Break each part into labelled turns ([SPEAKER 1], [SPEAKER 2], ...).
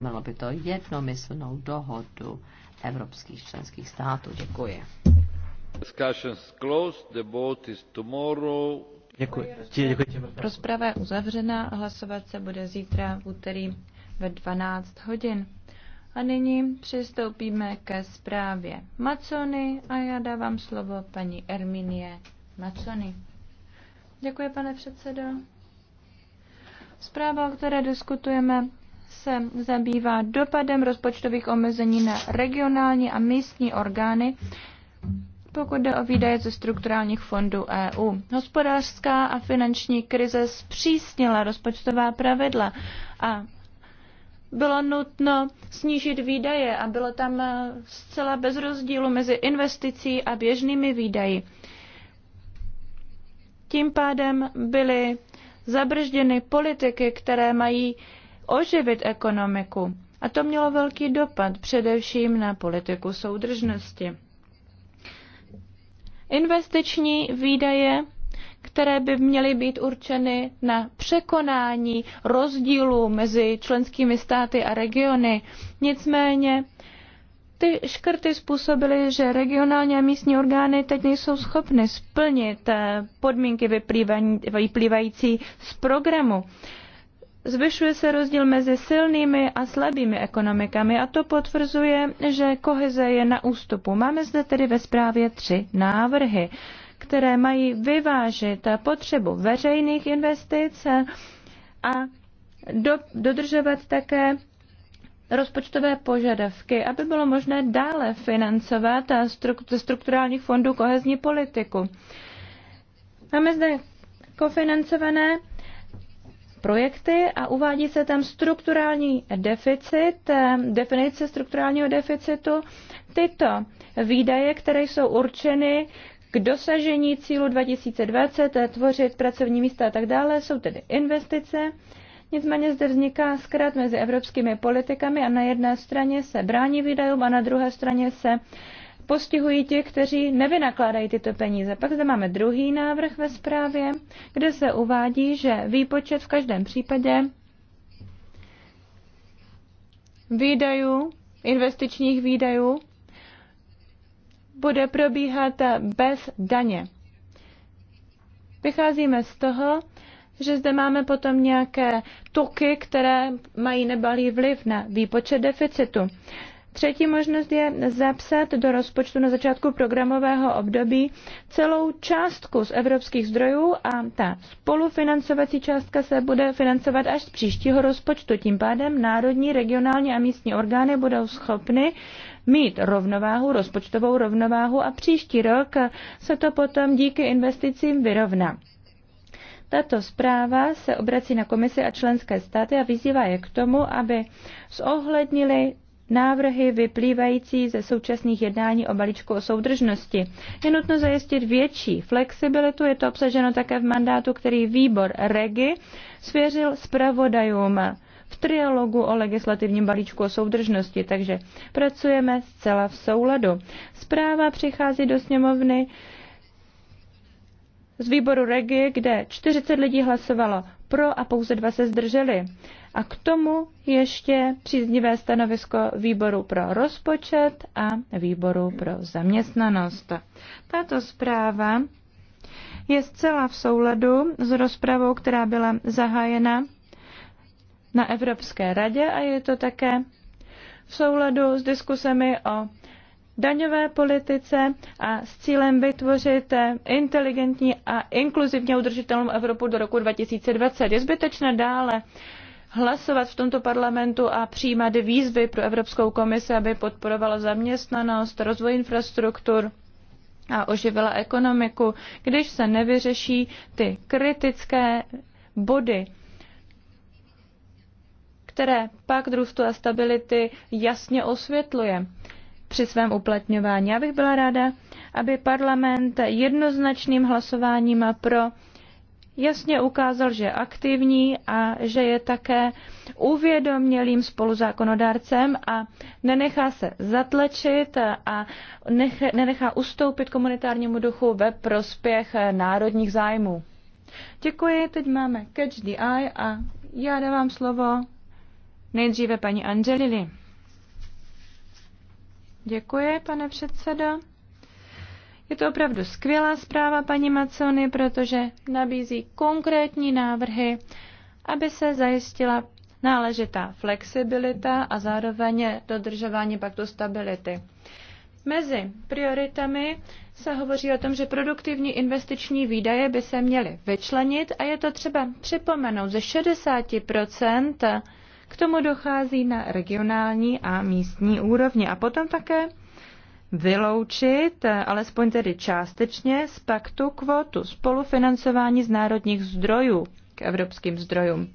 [SPEAKER 1] Mělo by to jednomyslnou dohodu evropských členských států. Děkuji.
[SPEAKER 2] Děkuji. Děkuji. Rozprava
[SPEAKER 3] je uzavřena a hlasovat se bude zítra v úterý ve 12 hodin. A nyní přistoupíme ke zprávě Macony a já dávám slovo paní Erminie Macony. Děkuji, pane předsedo. Zpráva, o které diskutujeme, se zabývá dopadem rozpočtových omezení na regionální a místní orgány, pokud jde o výdaje ze strukturálních fondů EU. Hospodářská a finanční krize zpřísnila rozpočtová pravidla a bylo nutno snížit výdaje a bylo tam eh, zcela bez rozdílu mezi investicí a běžnými výdaji. Tím pádem byly zabržděny politiky, které mají oživit ekonomiku. A to mělo velký dopad především na politiku soudržnosti. Investiční výdaje, které by měly být určeny na překonání rozdílů mezi členskými státy a regiony. Nicméně ty škrty způsobily, že regionální a místní orgány teď nejsou schopny splnit eh, podmínky vyplývající z programu. Zvyšuje se rozdíl mezi silnými a slabými ekonomikami a to potvrzuje, že koheze je na ústupu. Máme zde tedy ve zprávě tři návrhy, které mají vyvážit potřebu veřejných investic a do, dodržovat také rozpočtové požadavky, aby bylo možné dále financovat ze strukturálních fondů kohezní politiku. Máme zde kofinancované projekty a uvádí se tam strukturální deficit, eh, definice strukturálního deficitu, tyto výdaje, které jsou určeny k dosažení cílu 2020, eh, tvořit pracovní místa a tak dále, jsou tedy investice. Nicméně zde vzniká zkrat mezi evropskými politikami a na jedné straně se brání výdajům a na druhé straně se postihují ti, kteří nevynakládají tyto peníze. Pak zde máme druhý návrh ve zprávě, kde se uvádí, že výpočet v každém případě výdajů, investičních výdajů, bude probíhat bez daně. Vycházíme z toho, že zde máme potom nějaké tuky, které mají nebalý vliv na výpočet deficitu. Třetí možnost je zapsat do rozpočtu na začátku programového období celou částku z evropských zdrojů a ta spolufinancovací částka se bude financovat až z příštího rozpočtu. Tím pádem národní, regionální a místní orgány budou schopny mít rovnováhu, rozpočtovou rovnováhu a příští rok se to potom díky investicím vyrovná. Tato zpráva se obrací na komisi a členské státy a vyzývá je k tomu, aby zohlednili návrhy vyplývající ze současných jednání o balíčku o soudržnosti. Je nutno zajistit větší flexibilitu, je to obsaženo také v mandátu, který výbor REGI svěřil zpravodajům v trialogu o legislativním balíčku o soudržnosti, takže pracujeme zcela v souladu. Zpráva přichází do sněmovny z výboru Regi, kde 40 lidí hlasovalo pro a pouze dva se zdrželi. A k tomu ještě příznivé stanovisko výboru pro rozpočet a výboru pro zaměstnanost. Tato zpráva je zcela v souladu s rozpravou, která byla zahájena na Evropské radě a je to také v souladu s diskusemi o daňové politice a s cílem vytvořit inteligentní a inkluzivně udržitelnou Evropu do roku 2020. Je zbytečné dále hlasovat v tomto parlamentu a přijímat výzvy pro Evropskou komisi, aby podporovala zaměstnanost, rozvoj infrastruktur a oživila ekonomiku, když se nevyřeší ty kritické body, které pak růstu a stability jasně osvětluje při svém uplatňování. Já bych byla ráda, aby parlament jednoznačným hlasováním pro jasně ukázal, že je aktivní a že je také uvědomělým spoluzákonodárcem a nenechá se zatlačit a nechá, nenechá ustoupit komunitárnímu duchu ve prospěch národních zájmů. Děkuji, teď máme Catch the Eye a já dávám slovo nejdříve paní Angelili. Děkuji, pane předsedo. Je to opravdu skvělá zpráva paní Macony, protože nabízí konkrétní návrhy, aby se zajistila náležitá flexibilita a zároveň dodržování paktu stability. Mezi prioritami se hovoří o tom, že produktivní investiční výdaje by se měly vyčlenit a je to třeba připomenout ze 60 k tomu dochází na regionální a místní úrovni. A potom také vyloučit, alespoň tedy částečně, z paktu kvotu spolufinancování z národních zdrojů k evropským zdrojům.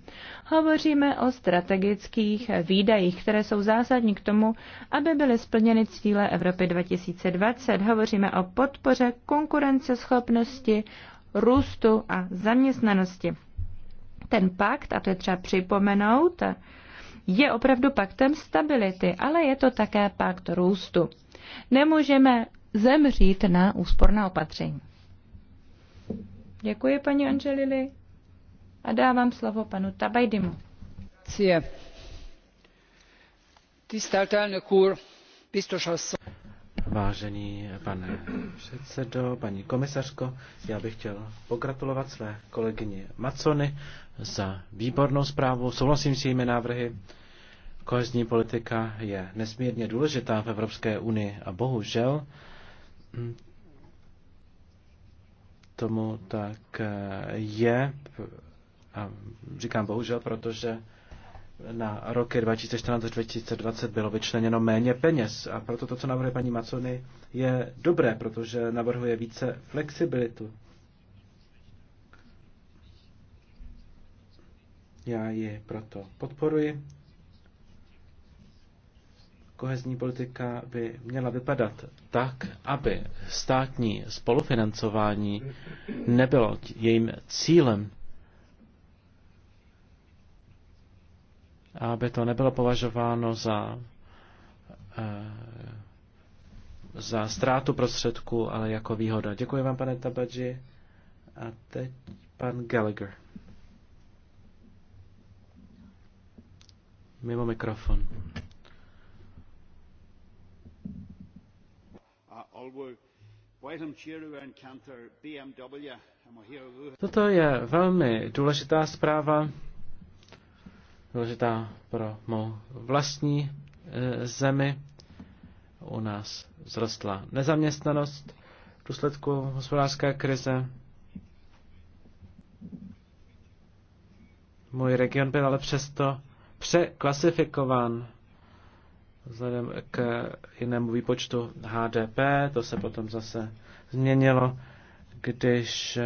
[SPEAKER 3] Hovoříme o strategických výdajích, které jsou zásadní k tomu, aby byly splněny cíle Evropy 2020. Hovoříme o podpoře konkurenceschopnosti, růstu a zaměstnanosti. Ten pakt, a to je třeba připomenout, je opravdu paktem stability, ale je to také pakt růstu nemůžeme zemřít na úsporná opatření. Děkuji, paní Angelili. A dávám slovo panu Tabajdimu. Cie.
[SPEAKER 1] Tisztelt elnök úr, biztos asszony.
[SPEAKER 2] Vážený pane předsedo, paní komisařko, já bych chtěl pogratulovat své kolegyni Macony za výbornou zprávu. Souhlasím s jejími návrhy. Kohezní politika je nesmírně důležitá v Evropské unii a bohužel mm, tomu tak eh, je. A říkám bohužel, protože na roky 2014 až 2020 bylo vyčleněno méně peněz. A proto to, co navrhuje paní Macony, je dobré, protože navrhuje více flexibilitu. Já ji proto podporuji kohezní politika by měla vypadat tak, aby státní spolufinancování nebylo jejím cílem, aby to nebylo považováno za, eh, za ztrátu prostředků, ale jako výhoda. Děkuji vám, pane Tabadži. A teď pan Gallagher. Mimo mikrofon. Toto je velmi důležitá zpráva, důležitá pro mou vlastní e, zemi. U nás vzrostla nezaměstnanost v důsledku hospodářské krize. Můj region byl ale přesto překlasifikován vzhledem k jinému výpočtu HDP, to se potom zase změnilo, když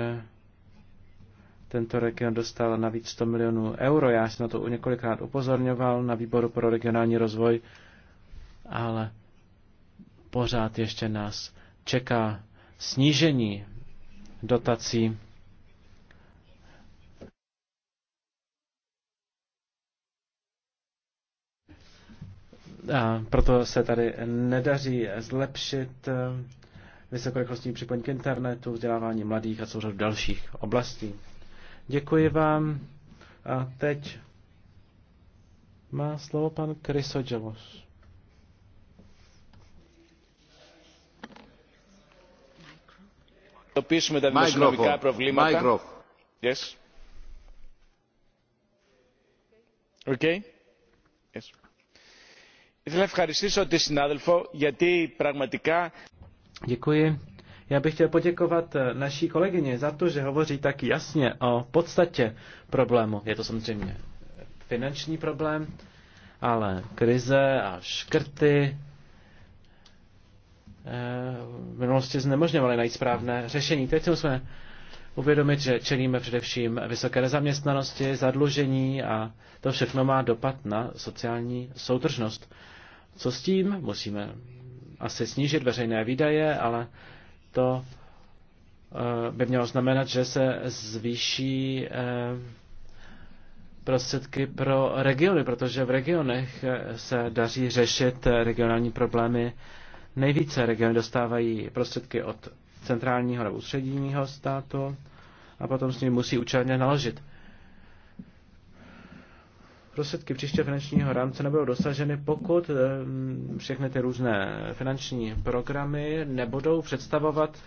[SPEAKER 2] tento region dostal navíc 100 milionů euro. Já jsem na to několikrát upozorňoval na výboru pro regionální rozvoj, ale pořád ještě nás čeká snížení dotací A proto se tady nedaří zlepšit eh, vysokorychlostní připojení k internetu, vzdělávání mladých a souřadu dalších oblastí. Děkuji vám. A teď má slovo pan Krysogelos. αντιμετωπίσουμε τα δημοσιονομικά προβλήματα. Yes. Okay. Yes. Ήθελα να ευχαριστήσω τη συνάδελφο γιατί πραγματικά... Děkuji. Já bych chtěl poděkovat eh, naší kolegyně za to, že hovoří tak jasně o podstatě problému. Je to samozřejmě finanční problém, ale krize a škrty eh, v minulosti znemožňovaly najít správné řešení. Teď jsme uvědomit, že čelíme především vysoké nezaměstnanosti, zadlužení a to všechno má dopad na sociální soudržnost. Co s tím? Musíme asi snížit veřejné výdaje, ale to eh, by mělo znamenat, že se zvýší eh, prostředky pro regiony, protože v regionech eh, se daří řešit regionální problémy nejvíce. Regiony dostávají prostředky od centrálního nebo středního státu a potom s ním musí účelně naložit. Prostředky příště finančního rámce nebudou dosaženy, pokud eh, všechny ty různé finanční programy nebudou představovat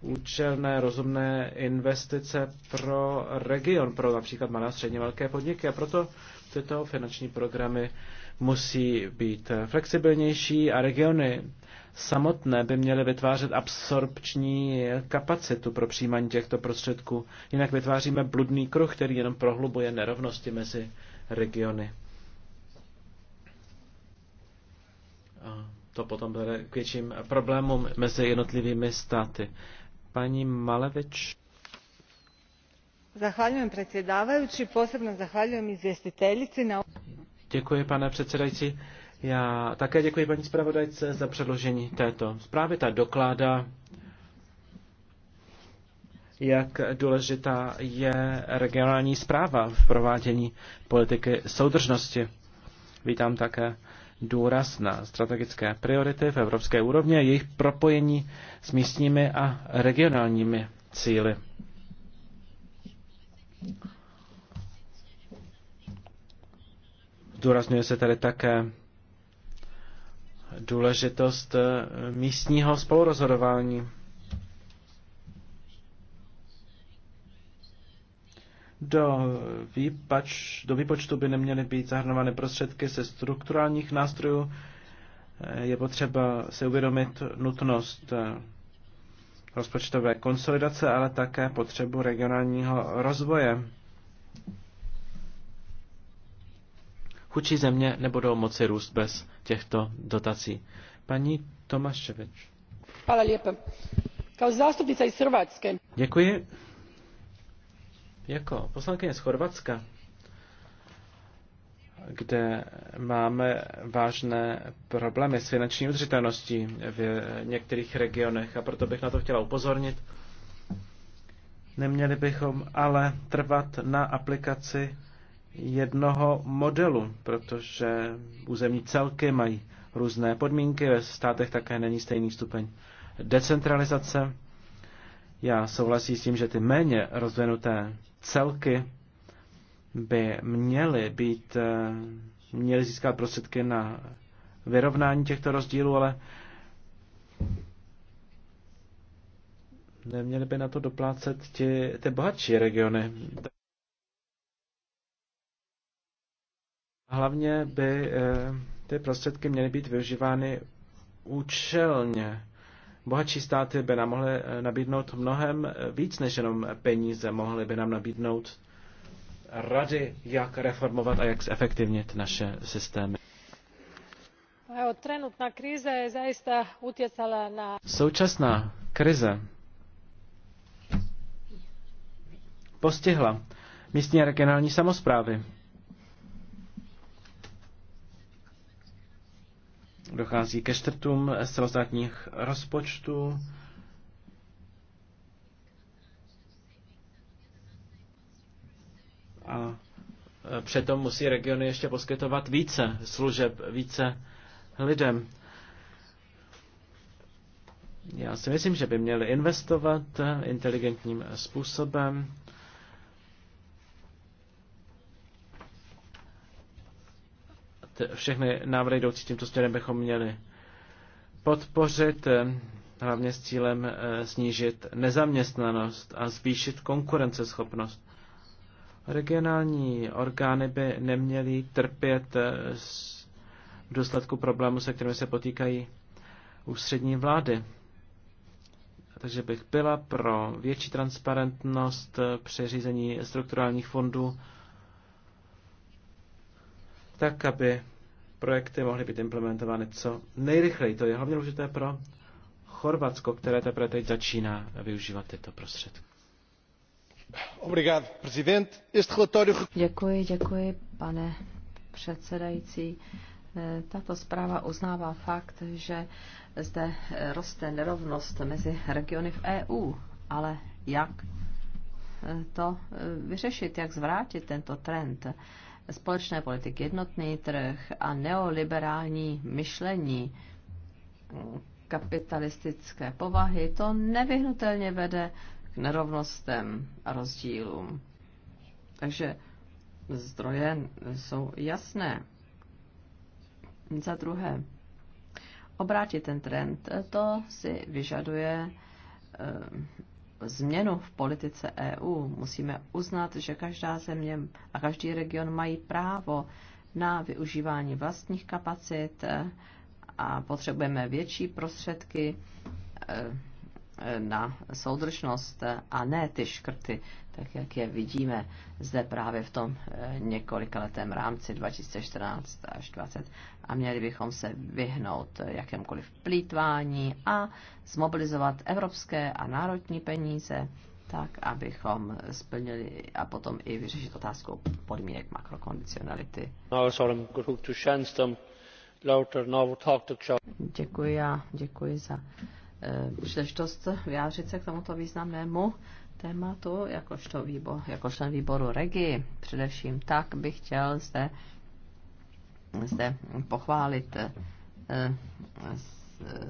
[SPEAKER 2] účelné, rozumné investice pro region, pro například malé a středně velké podniky. A proto tyto finanční programy musí být flexibilnější a regiony samotné by měly vytvářet absorpční kapacitu pro přijímání těchto prostředků. Jinak vytváříme bludný kruh, který jenom prohlubuje nerovnosti mezi regiony. A to potom bude k větším problémům mezi jednotlivými státy. Paní Malevič.
[SPEAKER 3] Zahvaljujem predsjedavajući, posebno zahvaljujem izvjestiteljici na...
[SPEAKER 2] Děkuji, pane předsedající. Já také děkuji paní zpravodajce za předložení této zprávy. Ta dokládá, jak důležitá je regionální zpráva v provádění politiky soudržnosti. Vítám také důraz na strategické priority v evropské úrovni a jejich propojení s místními a regionálními cíly. Zdůrazňuje se tady také důležitost eh, místního spolurozhodování. Do, výpač, do výpočtu by neměly být zahrnovány prostředky se strukturálních nástrojů. Eh, je potřeba si uvědomit nutnost eh, rozpočtové konsolidace, ale také potřebu regionálního rozvoje chudší země nebudou moci růst bez těchto dotací. Paní Tomáševič. Hvala
[SPEAKER 1] lijepa. Kao zastupnica iz Hrvatske.
[SPEAKER 2] Děkuji. Jako poslankyně z Chorvatska, kde máme vážné problémy s finanční udržitelností v některých regionech a proto bych na to chtěla upozornit. Neměli bychom ale trvat na aplikaci jednoho modelu, protože územní celky mají různé podmínky, ve státech také není stejný stupeň decentralizace. Já souhlasím s tím, že ty méně rozvinuté celky by měly být, eh, měly získat prostředky na vyrovnání těchto rozdílů, ale neměly by na to doplácet ty, ty bohatší regiony. Hlavně by eh, ty prostředky měly být využívány účelně. Bohatší státy by nám mohly eh, nabídnout mnohem eh, víc než jenom peníze, mohly by nám nabídnout rady, jak reformovat a jak zefektivnit naše systémy.
[SPEAKER 1] Evo, trenutná krize je zaista na...
[SPEAKER 2] Současná krize postihla místní a regionální samozprávy. Dochází ke štrtům z celostátních rozpočtů. A e, přitom musí regiony ještě poskytovat více služeb, více lidem. Já si myslím, že by měli investovat inteligentním způsobem všechny návrhy jdoucí tímto směrem bychom měli podpořit, eh, hlavně s cílem eh, snížit nezaměstnanost a zvýšit konkurenceschopnost. Regionální orgány by neměly trpět eh, v důsledku problémů, se kterými se potýkají ústřední vlády. Takže bych byla pro větší transparentnost při řízení strukturálních fondů tak aby projekty mohly být implementovány co nejrychleji. To je hlavně důležité pro Chorvatsko, které teprve teď začíná využívat tyto prostředky.
[SPEAKER 1] Děkuji, děkuji, pane předsedající. Eh, tato zpráva uznává fakt, že zde eh, roste nerovnost mezi regiony v EU, ale jak eh, to vyřešit, jak zvrátit tento trend? společné politiky, jednotný trh a neoliberální myšlení kapitalistické povahy, to nevyhnutelně vede k nerovnostem a rozdílům. Takže zdroje jsou jasné. Za druhé, obrátit ten trend, to si vyžaduje eh, změnu v politice EU, musíme uznat, že každá země a každý region mají právo na využívání vlastních kapacit eh, a potřebujeme větší prostředky eh, na soudržnost a ne ty škrty, tak jak je vidíme zde právě v tom eh, několikaletém rámci 2014 až 20. A měli bychom se vyhnout jakémkoliv plítvání a zmobilizovat evropské a národní peníze tak, abychom splnili a potom i vyřešit otázku podmínek makrokondicionality. Děkuji a děkuji za Eh, příležitost vyjádřit se k tomuto významnému tématu, jakožto výbor, jako člen výboru Regi. Především tak bych chtěl zde, zde pochválit eh,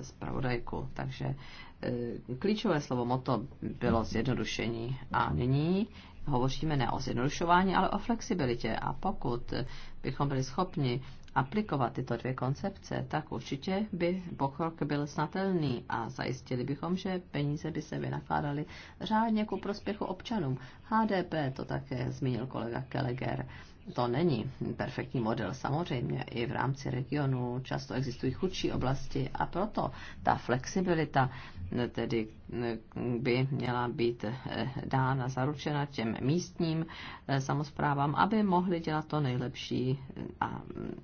[SPEAKER 1] zpravodajku. Takže eh, klíčové slovo moto bylo zjednodušení a nyní hovoříme ne o zjednodušování, ale o flexibilitě. A pokud bychom byli schopni aplikovat tyto dvě koncepce, tak určitě by pokrok byl snatelný a zajistili bychom, že peníze by se vynakládaly řádně ku prospěchu občanům. HDP to také zmínil kolega Keleger to není perfektní model. Samozřejmě i v rámci regionu často existují chudší oblasti a proto ta flexibilita eh, tedy eh, by měla být eh, dána, zaručena těm místním samozprávám, aby mohli dělat to nejlepší a mm,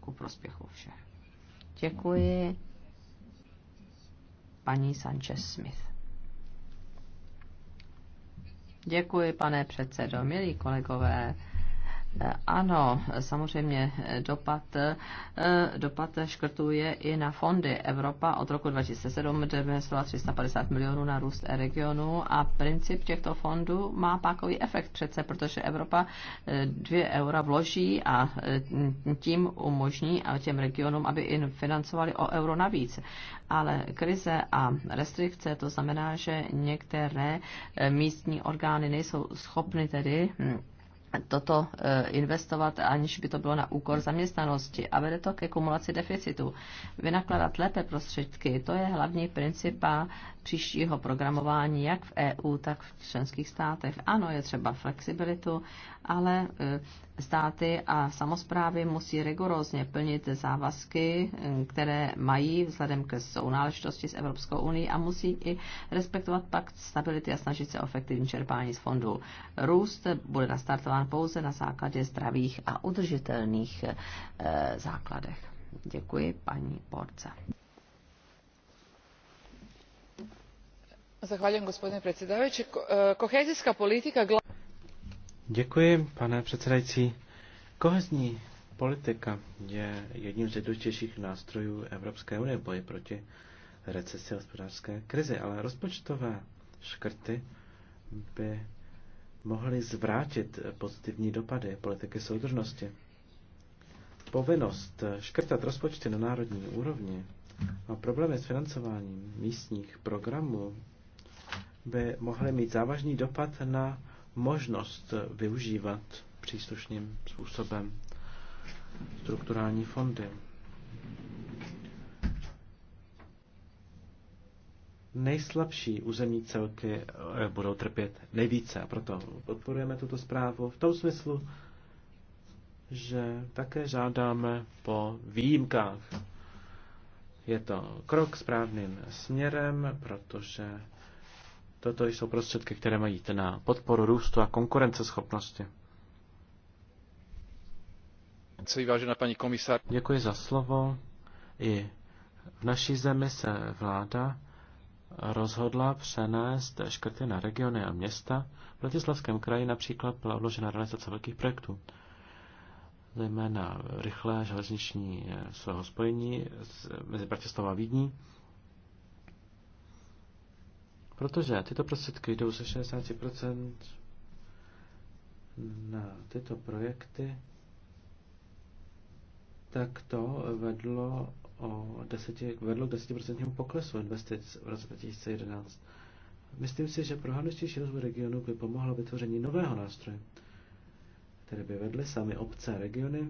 [SPEAKER 1] ku prospěchu všech. Děkuji. Paní Sanchez Smith. Děkuji, pane předsedo, milí kolegové. Ano, samozřejmě dopad, eh, dopad škrtuje i na fondy. Evropa od roku 2007 investovala 350 milionů na růst regionu a princip těchto fondů má pákový efekt přece, protože Evropa 2 eh, eura vloží a eh, tím umožní těm regionům, aby i financovali o euro navíc. Ale krize a restrikce, to znamená, že některé místní orgány nejsou schopny tedy hm, toto e, investovat, aniž by to bylo na úkor zaměstnanosti a vede to ke kumulaci deficitu. Vynakladat lépe prostředky, to je hlavní princip a příštího programování jak v EU, tak v členských státech. Ano, je třeba flexibilitu, ale e, státy a samozprávy musí rigorózně plnit závazky, e, které mají vzhledem ke sounáležitosti s Evropskou unii a musí i respektovat pakt stability a snažit se o efektivní čerpání z fondů. Růst bude nastartován pouze na základě zdravých a udržitelných e, základech. Děkuji paní Porce. E,
[SPEAKER 2] Děkuji, pane předsedající. Kohezní politika je jedním z nejdůležitějších nástrojů Evropské unie boji proti recesi a hospodářské krizi, ale rozpočtové škrty by mohly zvrátit pozitivní dopady politiky soudržnosti. Povinnost škrtat rozpočty na národní úrovni a problémy s financováním místních programů by mohly mít závažný dopad na možnost využívat příslušným způsobem strukturální fondy. Nejslabší územní celky eh, budou trpět nejvíce a proto podporujeme tuto zprávu v tom smyslu, že také žádáme po výjimkách. Je to krok správným směrem, protože Toto jsou prostředky, které mají jít na podporu růstu a konkurenceschopnosti. Vážená paní komisár. Děkuji za slovo. I v naší zemi se vláda rozhodla přenést škrty na regiony a města. V Bratislavském kraji například byla odložena realizace velkých projektů, zejména rychlé železniční eh, svého spojení mezi Bratislava a Vídní, Protože tyto prostředky jdou ze 60% na tyto projekty, tak to vedlo, o 10, vedlo k 10% poklesu investic v roce 2011. Myslím si, že pro hlavnější rozvoj regionu by pomohlo vytvoření nového nástroje, které by vedly sami obce a regiony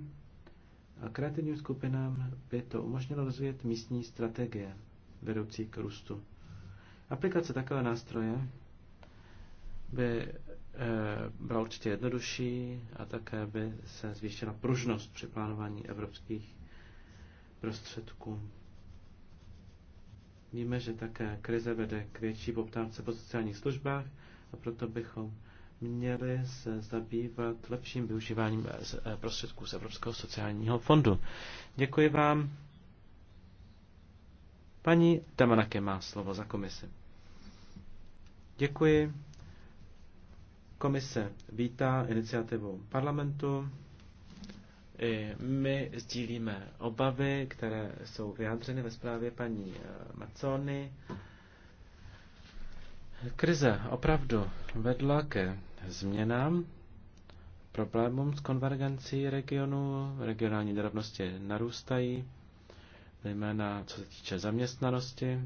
[SPEAKER 2] a kreativním skupinám by to umožnilo rozvíjet místní strategie vedoucí k růstu. Aplikace takové nástroje by eh, byla určitě jednodušší a také by se zvýšila pružnost při plánování evropských prostředků. Víme, že také krize vede k větší poptávce po sociálních službách a proto bychom měli se zabývat lepším využíváním eh, prostředků z Evropského sociálního fondu. Děkuji vám. Paní Damanake má slovo za komisi. Děkuji. Komise vítá iniciativu parlamentu. I my sdílíme obavy, které jsou vyjádřeny ve zprávě paní eh, Macony. Krize opravdu vedla ke změnám, problémům s konvergencí regionu, regionální nerovnosti narůstají, zejména co se týče zaměstnanosti,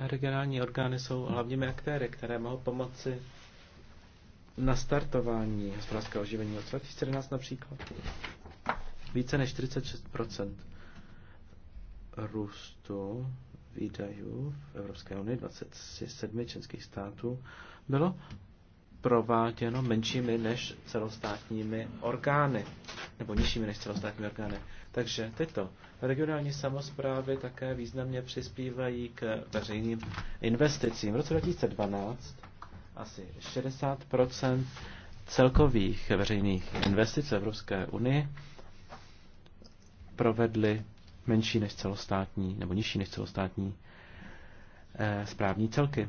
[SPEAKER 2] regionální orgány jsou hlavními aktéry, které mohou pomoci na startování hospodářského oživení. Od 2014 například více než 46 růstu výdajů v Evropské unii 27 členských států bylo prováděno menšími než celostátními orgány, nebo nižšími než celostátními orgány. Takže tyto regionální samozprávy také významně přispívají k veřejným investicím. V roce 2012 asi 60 celkových veřejných investic v Evropské unii provedly menší než celostátní nebo nižší než celostátní eh, správní celky.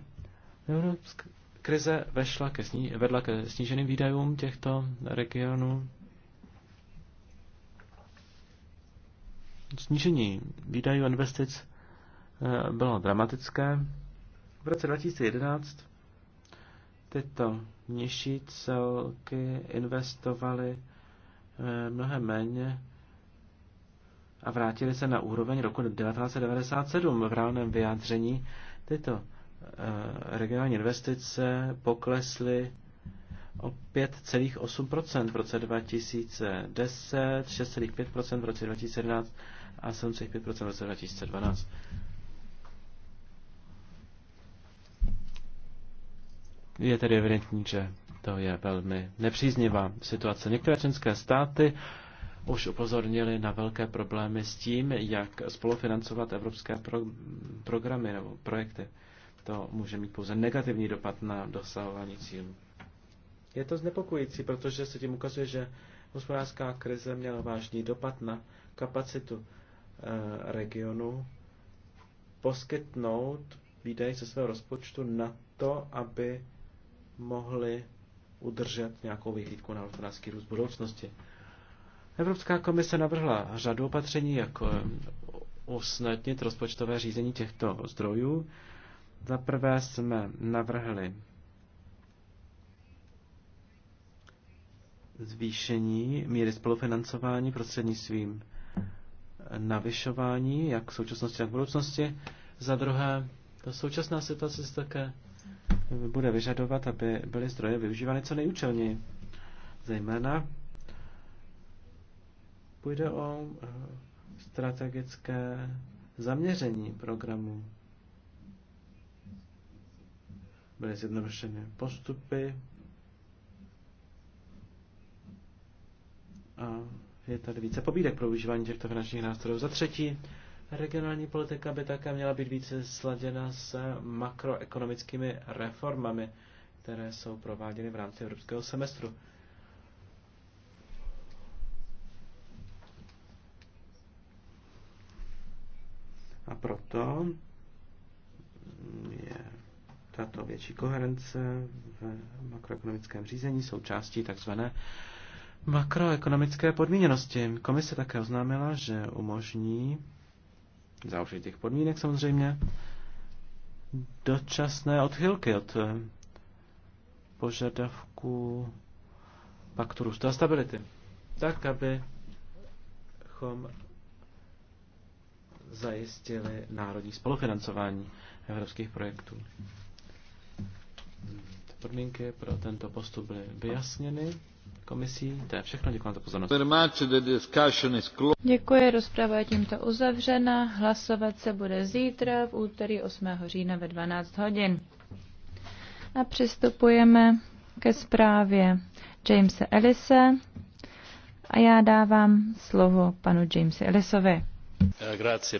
[SPEAKER 2] Krize vešla ke sní, vedla ke sníženým výdajům těchto regionů. Snížení výdajů investic eh, bylo dramatické. V roce 2011 tyto nižší celky investovaly eh, mnohem méně a vrátili se na úroveň roku 1997 v reálném vyjádření. Tyto Eh, regionální investice poklesly o 5,8% v roce 2010, 6,5% v roce 2011 a 7,5% v roce 2012. Je tedy evidentní, že to je velmi nepříznivá situace. Některé členské státy už upozornili na velké problémy s tím, jak spolufinancovat evropské pro- programy nebo projekty to může mít pouze negativní dopad na dosahování cílů. Je to znepokojící, protože se tím ukazuje, že hospodářská krize měla vážný dopad na kapacitu eh, regionu poskytnout výdaj ze svého rozpočtu na to, aby mohli udržet nějakou vyhlídku na hospodářský růst budoucnosti. Evropská komise navrhla řadu opatření, jako eh, usnadnit rozpočtové řízení těchto zdrojů, za prvé jsme navrhli zvýšení míry spolufinancování prostřednictvím navyšování, jak v současnosti, tak v budoucnosti. Za druhé, ta současná situace se také bude vyžadovat, aby byly zdroje využívány co nejúčelněji. Zejména půjde o eh, strategické zaměření programu byly zjednodušeny postupy a je tady více pobídek pro užívání těchto finančních nástrojů. Za třetí, regionální politika by také měla být více sladěna s makroekonomickými reformami, které jsou prováděny v rámci evropského semestru. A proto tato větší koherence v makroekonomickém řízení součástí takzvané makroekonomické podmíněnosti. Komise také oznámila, že umožní za těch podmínek samozřejmě dočasné odchylky od eh, požadavku paktu růstu a stability. Tak, abychom zajistili národní spolufinancování evropských projektů podmínky pro tento postup byly vyjasněny komisí. To je všechno, děkuji za pozornost.
[SPEAKER 3] Děkuji, rozprava je tímto uzavřena. Hlasovat se bude zítra v úterý 8. října ve 12 hodin. A přistupujeme ke zprávě Jamesa Ellise a já dávám slovo panu Jamesi Ellisovi.
[SPEAKER 2] Eh, grazie.